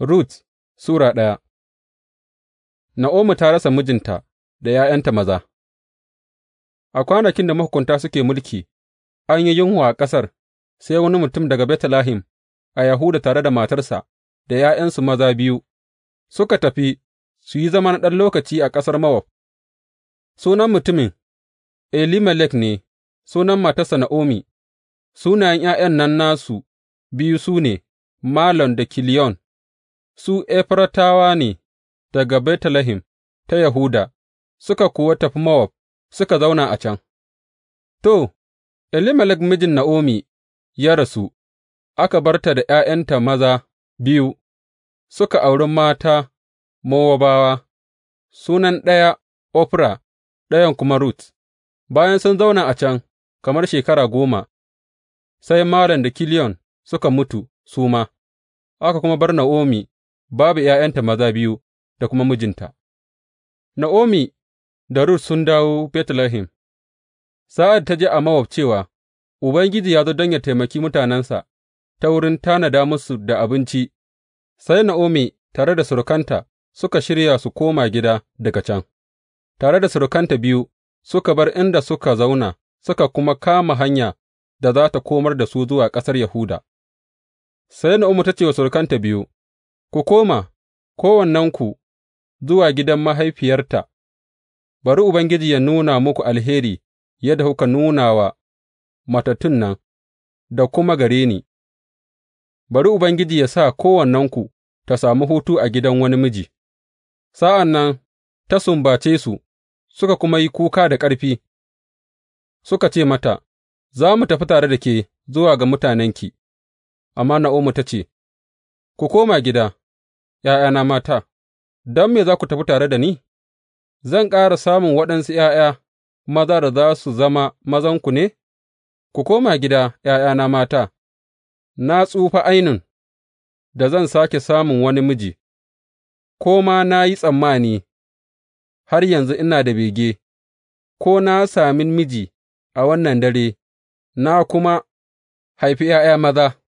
Rut Sura ɗaya Na'omi ta rasa mijinta da ’ya'yanta maza A kwanakin da mahukunta suke mulki, an yi yunwa a ƙasar, sai wani mutum daga Betlehem a Yahuda tare da matarsa da ’ya'yansu maza biyu suka tafi su yi zama na ɗan lokaci a ƙasar Mawab. Sunan mutumin Elimelek ne, sunan matarsa Na'omi, sunayen ’ya'yan nan nasu biyu su ne, Malon da Kiliyon. su Efratawa ne daga Betlehem ta Yahuda, suka kuwa tafi Mowab suka zauna a can. To, Elimelek mijin Na'omi ya rasu, aka bar ta da ’ya'yanta maza biyu, suka auri mata Mowabawa, sunan ɗaya Ofra, ɗayan kuma Ruth. Bayan sun zauna a can kamar shekara goma, sai Malon da Kiliyon suka mutu su ma, aka kuma bar Na'omi. babu ’ya'yanta maza biyu da kuma mijinta, Na'omi da Rut sun dawo Betlehem sa'ad ta ji a Mowab cewa Ubangiji ya zo don yă taimaki mutanensa ta wurin tanada musu da abinci, sai Na'omi tare da surukanta suka shirya su koma gida daga can, tare da surukanta biyu suka bar inda suka zauna suka kuma kama hanya da za ta komar da su zuwa ƙasar Yahuda. Sai Na'omi ta ce wa surukanta biyu, Ku koma, kowannenku, zuwa gidan mahaifiyarta, bari Ubangiji yă nuna muku alheri yadda kuka nuna wa matattun nan da kuma gare ni, bari Ubangiji yă sa kowannenku ta sami hutu a gidan wani miji, sa'an nan ta sumbace su, suka kuma yi kuka da ƙarfi, suka ce mata, Za mu tafi tare da ke zuwa ga mutanenki, amma Na’omu ta ce. Ku koma gida, ’ya'yana mata, don me za ku tafi tare da ni, zan ƙara samun waɗansu ’ya'ya maza da za su zama mazanku ne? Ku koma gida, ’ya'yana mata, na tsufa ainun da zan sake samun wani miji, ko ma na yi tsammani, har yanzu ina da bege, ko na sami miji a wannan dare, na kuma haifi ’ya'ya maza.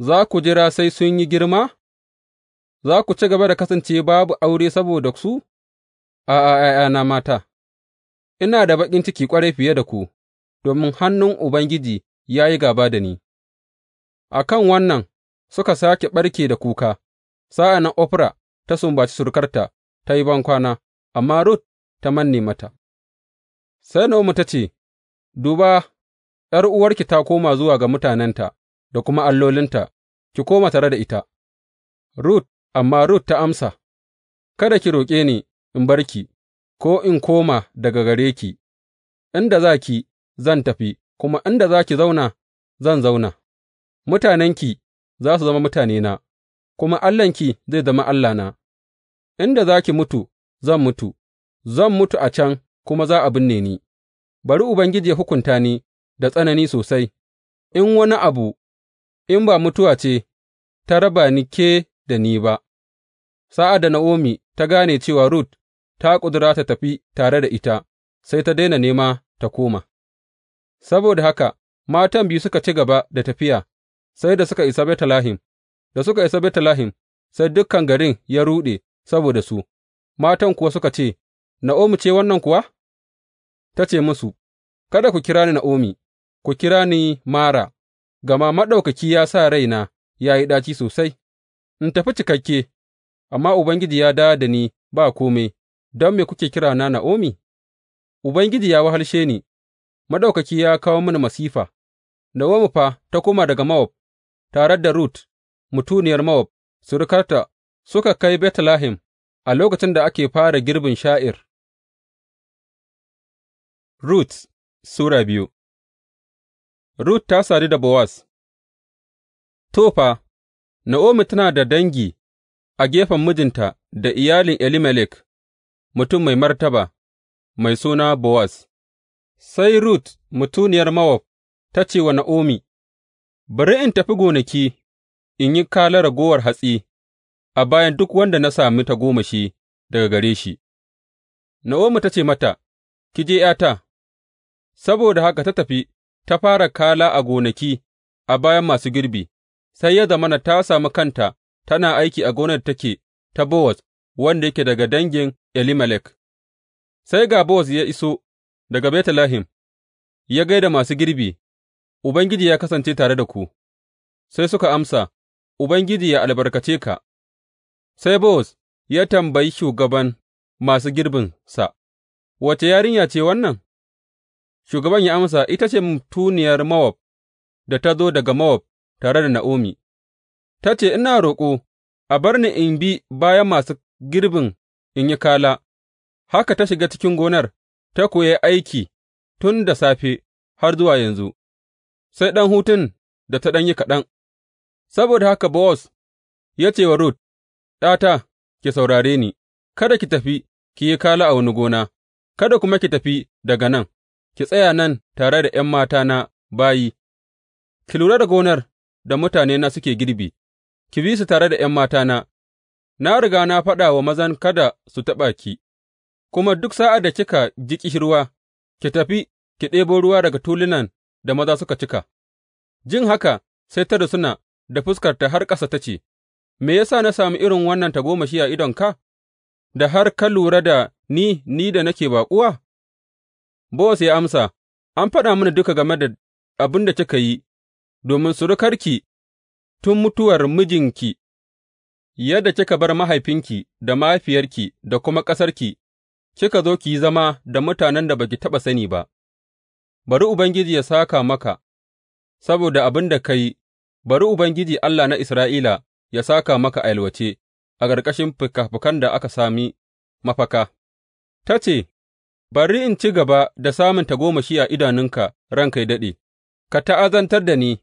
za ku jira sai sun yi girma? Za ku ci gaba da kasance babu aure saboda su? A'a, ’ya'yana mata, ina da baƙin ciki ƙwarai fiye da ku, domin hannun Ubangiji ya yi gaba da ni. A kan wannan suka sake ɓarke da kuka, sa'an nan Ofra ta sumbaci surukarta ta yi bankwana, amma Rut ta manne mata. Sai Na'omi ta ce, Duba, ’yar'uwarki ta koma zuwa ga mutanenta, da kuma allolinta, ki koma tare da ita. Rut, amma Rut ta amsa, Kada ki roƙe ni in bar ki, ko in koma daga gare ki, inda za ki zan tafi, kuma inda za ki zauna zan zauna, mutanenki za su zama mutanena, kuma Allahnki zai zama Allahna, inda za ki mutu zan mutu, zan mutu a can kuma za a binne ni, bari Ubangiji ya hukunta ni da tsanani sosai, in wani abu in ba mutuwa ce ta raba ni ke da ni ba, sa'ad da Na'omi ta gane cewa Rut ta ƙudura ta tafi tare da ita, sai ta daina nema ta koma. Saboda haka, matan biyu suka ci gaba da tafiya, sai da suka isa Betlehem, da suka isa Betlehem, sai dukkan garin ya ruɗe saboda su, matan kuwa suka ce, Na'omi ce wannan kuwa? Ta ce musu, Kada ku kira ni Na'omi, ku kira ni Mara, Gama Maɗaukaki ya sa raina ya yi ɗaci sosai, in tafi cikakke, amma Ubangiji ya dawo da ni ba kome, don me kuke kira na Na'omi? Ubangiji ya wahalshe ni, Maɗaukaki ya kawo mini masifa, Na'omi fa ta koma daga Mowab, tare da Rut, mutuniyar Mowab, surukarta, suka kai Betlehem a lokacin da ake fara girbin sha'ir. Rut Sura biyu Rut ta sadu da Bowaz To, fa, Na'omi tana da dangi a gefen mijinta da iyalin Elimelek, mutum mai martaba, mai suna Bowaz. Sai Rut mutuniyar mawaf ta ce wa Na'omi, Bari in tafi gonaki in yi kala ragowar hatsi a bayan duk wanda na sami ta shi daga gare shi. Na'omi ta ce mata, Ki je ’yata, saboda haka ta tafi ta fara kala a gonaki a bayan masu girbi, sai ya zamana ta sami kanta tana aiki a gonar da take ta Bowaz, wanda yake daga dangin Elimelek. Sai ga Bowaz ya iso daga Betlehem, ya gaida masu girbi, Ubangiji ya kasance tare da ku, sai suka amsa, Ubangiji ya albarkace ka. Sai Bowaz ya tambayi shugaban masu girbinsa, Wace yarinya ce wannan? Shugaban ya amsa, Ita ce mutuniyar Mowab da ta zo daga Mowab tare da Na'omi, ta ce, Ina roƙo, a bar ni in bi bayan masu girbin in yi kala, haka ta shiga cikin gonar, ta koya aiki tun da safe har zuwa yanzu, sai ɗan hutun da ta ɗan yi kaɗan. Saboda haka Bowaz ya ce wa Rut, ɗata, ki saurare ni, kada ki tafi ki yi kala a wani gona, kada kuma ki tafi daga nan. ki tsaya nan tare da ’yan matana bayi, ki lura da gonar da mutanena suke girbi, ki bi su tare da ’yan matana, na riga na faɗa wa mazan kada su taɓa ki, kuma duk sa'ad da kika ji ƙishirwa, ki tafi ki ɗebo ruwa daga tulunan da maza suka cika. Jin haka sai ta suna da fuskarta har ƙasa ta ce, Me ya sa na sami irin wannan tagomashi a idonka, da har ka lura da ni, ni da nake baƙuwa? Bowaz ya amsa, An faɗa mini duka game da abin da kika yi, domin surukarki tun mutuwar mijinki, yadda kika bar mahaifinki da mahaifiyarki da kuma ƙasarki, kika zo ki yi zama da mutanen da ba ki taɓa sani ba, bari Ubangiji ya saka maka saboda abin da ka yi, bari Ubangiji Allah na Isra'ila ya saka maka a yalwace a ƙarƙashin fikafikan da aka sami mafaka. Ta ce, Bari in ci gaba da samun tagomashi a idanunka ranka yă daɗe, ka ta'azantar da ni,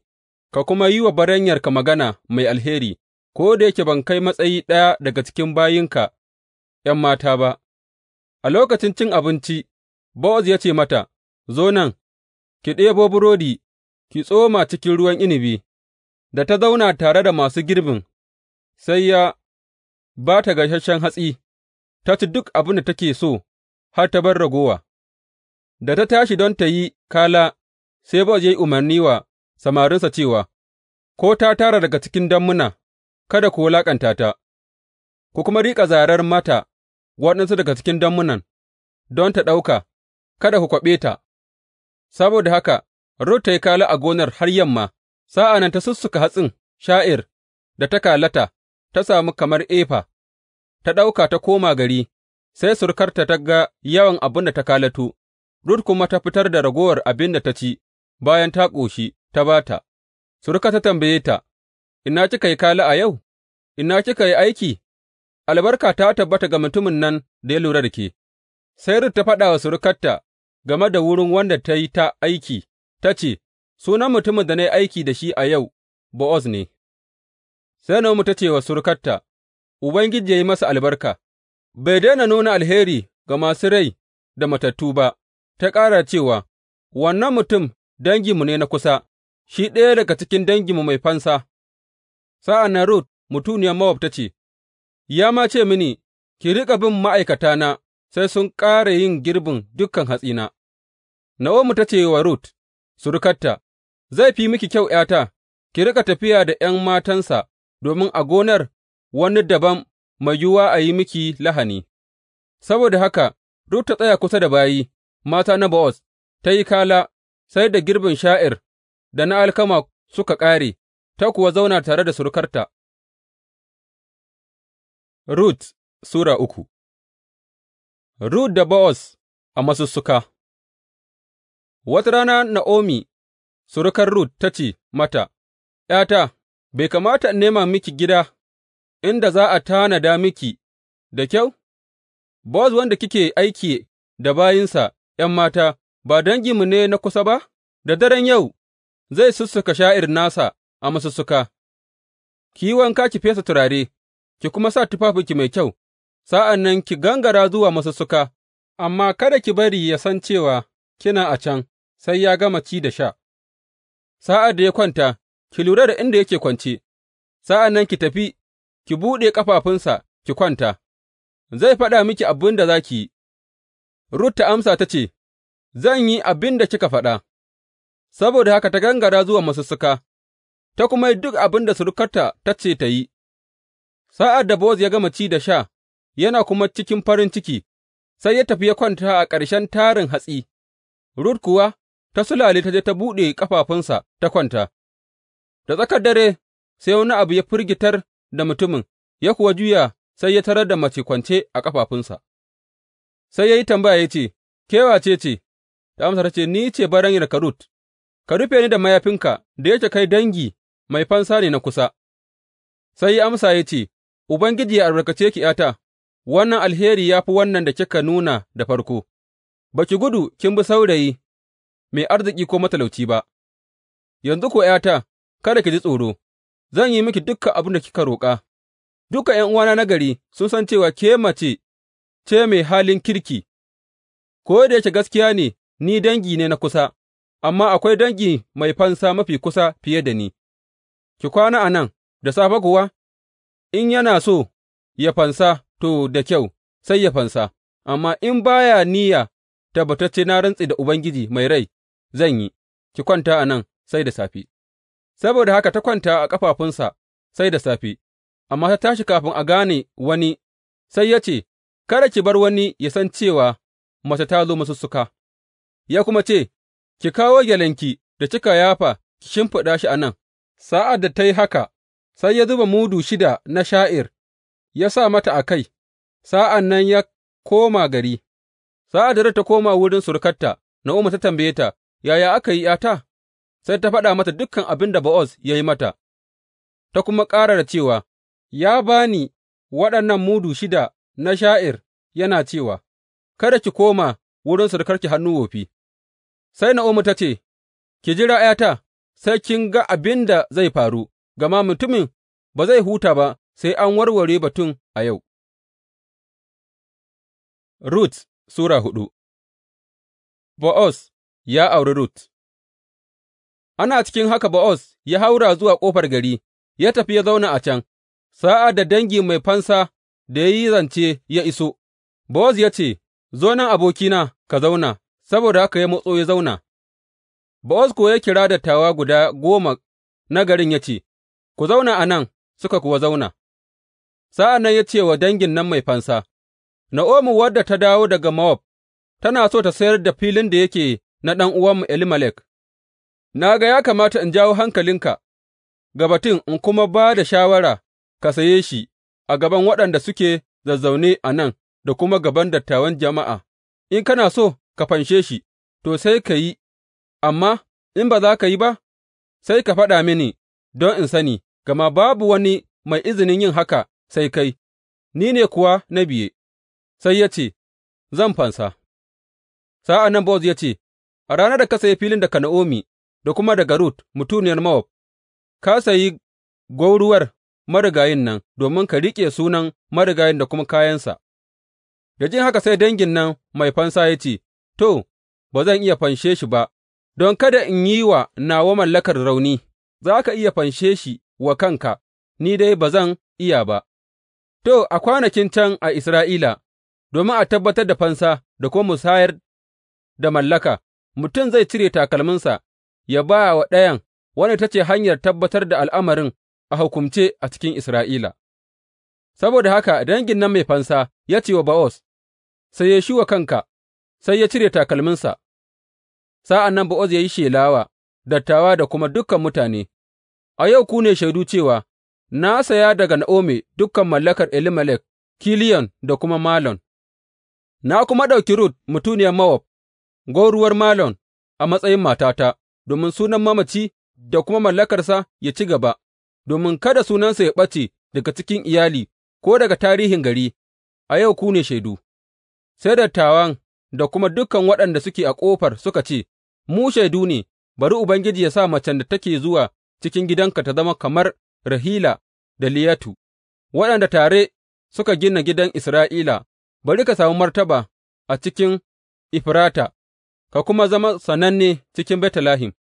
ka kuma yi wa baranyarka magana mai alheri, ko da yake ban kai matsayi ɗaya daga cikin bayinka ’yan mata ba. A lokacin cin abinci, Bowaz ya ce mata, Zo nan, ki ɗebo burodi, ki tsoma cikin ruwan inibi. da ta zauna tare da masu girbin, sai ya ba ta gasasshen hatsi, ta ci duk abin da take so har ta bar ragowa, da ta tashi don ta yi kala, sai Bowaz ya yi umarni wa samarinsa cewa, Ko ta tara daga cikin dammuna, kada ku wulaƙanta ta, ku kuma riƙa zarar mata waɗansu daga cikin dammunan don ta ɗauka, kada ku kwaɓe ta, saboda haka Rut ta yi kala a gonar har yamma, sa'a nan ta sussuka hatsin sha'ir da ta kalata, ta sami kamar efa, ta ɗauka ta koma gari, sai surukarta ta ga yawan abin da ta kalato, Rut kuma ta fitar da ragowar abin da ta ci bayan ta ƙoshi ta ba ta, suruka ta tambaye ta, Ina kika yi kala a yau, ina kika yi aiki, albarka ta tabbata ga mutumin nan da ya lura da ke, sai Rut ta faɗa wa surukarta game da wurin wanda ta yi ta aiki, ta ce, Sunan mutumin da na yi aiki da shi a yau, Bo'oz ne. Sai Na'omi ta ce wa surukarta, Ubangiji ya yi masa albarka. bai daina nuna alheri ga masu rai da matattu ba, ta ƙara cewa, Wannan mutum danginmu ne na kusa, shi ɗaya daga cikin danginmu mai fansa. Sa'an nan Rut mutuniyar Mowab ta ce, Ya ma ce mini, Ki riƙa bin ma'aikatana sai sun ƙara yin girbin dukan hatsina. Na’omu ta ce wa Rut, surukatta Zai fi miki kyau ’yata, ki riƙa tafiya da ’yan matansa, domin a gonar wani dabam mai yiwuwa a yi miki lahani, saboda haka Rut ta tsaya kusa da bayi, mata na Bowaz, ta yi kala, sai da girbin sha'ir da na alkama suka ƙare, ta kuwa zauna tare da surukarta. Rut Sura uku Rut da Bowaz a masussuka Wata rana Na'omi, surukar Rut ta ce mata, ’yata, bai kamata in nema miki gida inda za a tanada miki da kyau? Boz wanda kike aiki da bayinsa ’yan mata, ba dangi mu ne na kusa ba, da daren yau zai sussuka sha'ir nasa a masussuka, ki yi wanka ki fesa turare, ki kuma sa tufafinki mai kyau, sa'an nan ki gangara zuwa masussuka, amma kada ki bari ya san cewa kina a can sai ya gama ci da sha. Sa'ad da ya kwanta, ki lura da inda yake kwance, sa'an nan ki tafi ki buɗe ƙafafunsa ki kwanta, zai faɗa miki abin da za ki yi. Rut ta amsa ta ce, Zan yi abin da kika faɗa, saboda haka ta gangara zuwa masussuka, ta kuma yi duk abin da surukarta ta ce ta yi. Sa'ad da Boz ya gama ci da sha, yana kuma cikin farin ciki, sai ya tafi ya kwanta a ƙarshen tarin hatsi, Rut kuwa ta sulale ta je ta buɗe ƙafafunsa ta kwanta. Da tsakar dare, sai wani abu ya firgitar da mutumin, ya kuwa juya sai ya tarar da mace kwance a ƙafafunsa, sai ya yi tambaya ya ce, Ke wace ce? Ta amsa ta ce, Ni ce baranyar Karut, ka rufe ni da mayafinka da yake kai dangi mai fansa ne na kusa. Sai ya amsa ya ce, Ubangiji ya albarkace ki ’yata, wannan alheri ya fi wannan da kika nuna da farko, ba ki gudu kin bi saurayi mai arziki ko matalauci ba, yanzu ko ’yata, kada ki ji tsoro, zan yi miki dukan abin da kika roƙa, duka ’yan'uwana na gari sun san cewa ke mace ce mai halin kirki, ko da yake gaskiya ne ni dangi ne na kusa, amma akwai dangi mai fansa mafi kusa fiye da ni, ki kwana a nan, da safe kuwa, in yana so ya fansa to da kyau, sai ya fansa, amma in baya niyya tabbatacce na rantse da Ubangiji mai rai zan yi, ki kwanta a nan sai da safe. Saboda haka ta kwanta a ƙafafunsa sai da safe, amma ta tashi kafin a gane wani, sai ya ce, Kada ki bar wani ya san cewa mace ta zo masussuka, ya kuma ce, Ki kawo gyalenki da kika yafa ki shimfiɗa shi a nan, sa'ad da ta yi haka, sai ya zuba mudu shida na sha'ir, ya sa mata a kai, sa'an nan ya koma gari, sa'ad da ta koma wurin surukarta, Na'omi ta tambaye ta, Yaya aka yi ’yata? sai ta faɗa mata dukan abin da Bowaz ya yi mata, ta kuma ƙara da cewa, Ya ba ni waɗannan mudu shida na sha'ir yana cewa, Kada ki koma wurin surukarki hannu wofi. Sai Na'omi ta ce, Ki jira ’yata, sai kin ga abin da zai faru, gama mutumin ba zai huta ba sai an warware batun a yau. Ruth Sura hudu Bo'oz ya auri Ruth. Ana cikin haka Bowaz ya haura zuwa ƙofar gari, ya tafi ya zauna a can, sa'ad da dangi mai fansa da ya yi zance ya iso, Bowaz ya ce, Zo nan abokina ka zauna, saboda haka ya matso ya zauna. Bowaz kuwa ya kira dattawa guda goma na garin ya ce, Ku zauna a nan, suka kuwa zauna. Sa'an nan ya ce wa dangin nan mai fansa, Na'omi wadda ta dawo daga Mawab, tana so ta sayar da filin da yake na ɗan'uwanmu Elimelek. na ga ya kamata in jawo hankalinka ga batun in kuma ba da shawara ka saye shi a gaban waɗanda suke zazzaune a nan da kuma gaban dattawan jama'a, in kana so ka fanshe shi, to, sai ka yi, amma in ba za ka yi ba, sai ka faɗa mini don in sani, gama babu wani mai izinin yin haka sai kai, ni ne kuwa na biye, sai ya ce, Zan fansa. Sa'an nan Bowaz ya ce, A ranar da ka sayi filin daga Na'omi, da kuma daga Rut mutuniyar Mowab, ka sayi gwauruwar marigayin nan domin ka riƙe sunan marigayin da kuma kayansa. Da jin haka sai dangin nan mai fansa ya ce, To, ba zan iya fanshe shi ba, don kada in yi wa nawa mallakar rauni, za ka iya fanshe shi wa kanka, ni dai ba zan iya ba. To, a kwanakin can a Isra'ila, domin a tabbatar da fansa da kuma musayar da mallaka, mutum zai cire takalminsa ya ba wa ɗayan, wanda ta ce hanyar tabbatar da al'amarin a hukumce a cikin Isra'ila. Saboda haka dangin nan mai fansa ya ce wa Ba'os, sai ya shi wa kanka, sai ya cire takalminsa, sa'an nan Ba'os ya yi shelawa, dattawa da kuma dukan mutane, A yau ku ne shaidu cewa, Na saya daga na'ome dukan mallakar Elimelek, Kiliyon da kuma Malon, na kuma ɗauki Rut mutuniyar Mawab, gwauruwar Malon, a matsayin matata. domin sunan mamaci da kuma mallakarsa ya ci gaba, domin kada sunansa ya ɓace daga cikin iyali ko daga tarihin gari, a yau ku ne shaidu. Sai dattawan da kuma dukan waɗanda suke a ƙofar suka ce, Mu shaidu ne, bari Ubangiji ya sa macen da take zuwa cikin gidanka ta zama kamar Rahila da Liyatu, waɗanda tare suka gina gidan Isra'ila, bari ka sami martaba a cikin Ifrata, ka kuma zama sananne cikin Betlehem.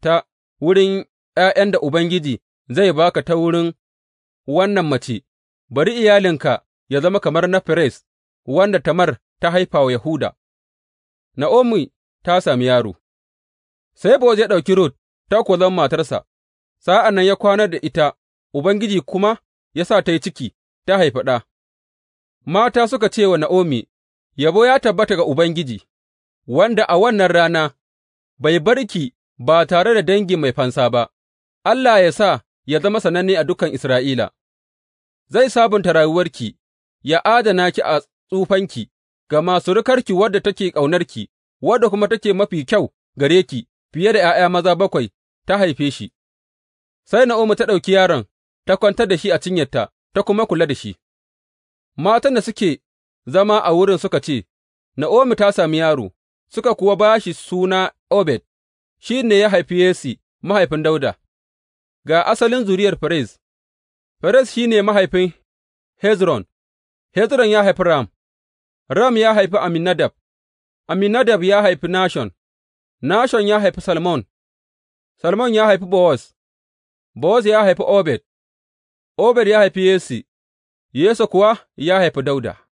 ta wurin ’ya'yan da Ubangiji zai ba ka ta wurin wannan mace, bari iyalinka ya zama kamar na Ferez, wanda Tamar ta haifa wa Yahuda. Na'omi ta sami yaro Sai Bowaz ya ɗauki Rut ta kuwa zama matarsa, sa'an nan ya kwanar da ita, Ubangiji kuma ya sa ta yi ciki, ta haifi ɗa. Mata suka ce wa Na'omi, Yabo ya tabbata ga Ubangiji, wanda a wannan rana bai bar ki ba tare da dangi mai fansa ba, Allah ya sa ya zama sananne a dukan Isra'ila, zai sabunta rayuwarki, ya adana ki a tsufanki, gama surukarki wadda take ƙaunarki, wadda kuma take mafi kyau gare ki fiye da ’ya'ya maza bakwai ta haife shi. Sai Na'omi ta ɗauki yaron, ta kwantar da shi a cinyarta, ta kuma kula da shi. Matan da suke zama a wurin suka ce, Na'omi ta sami yaro, suka kuwa ba shi suna Obed. shi ne ya haifi Yesse mahaifin Dauda. ga asalin zuriyar Ferez, Ferez shi ne mahaifin Hezron, Hezron ya haifi Ram, Ram ya haifi Aminadab, Aminadab ya haifi Nashon, Nashon ya haifi Salmon, Salmon ya haifi Boaz. Boaz ya haifi Obed, Obed ya haifi Yesse, Yesse kuwa ya haifi Dauda.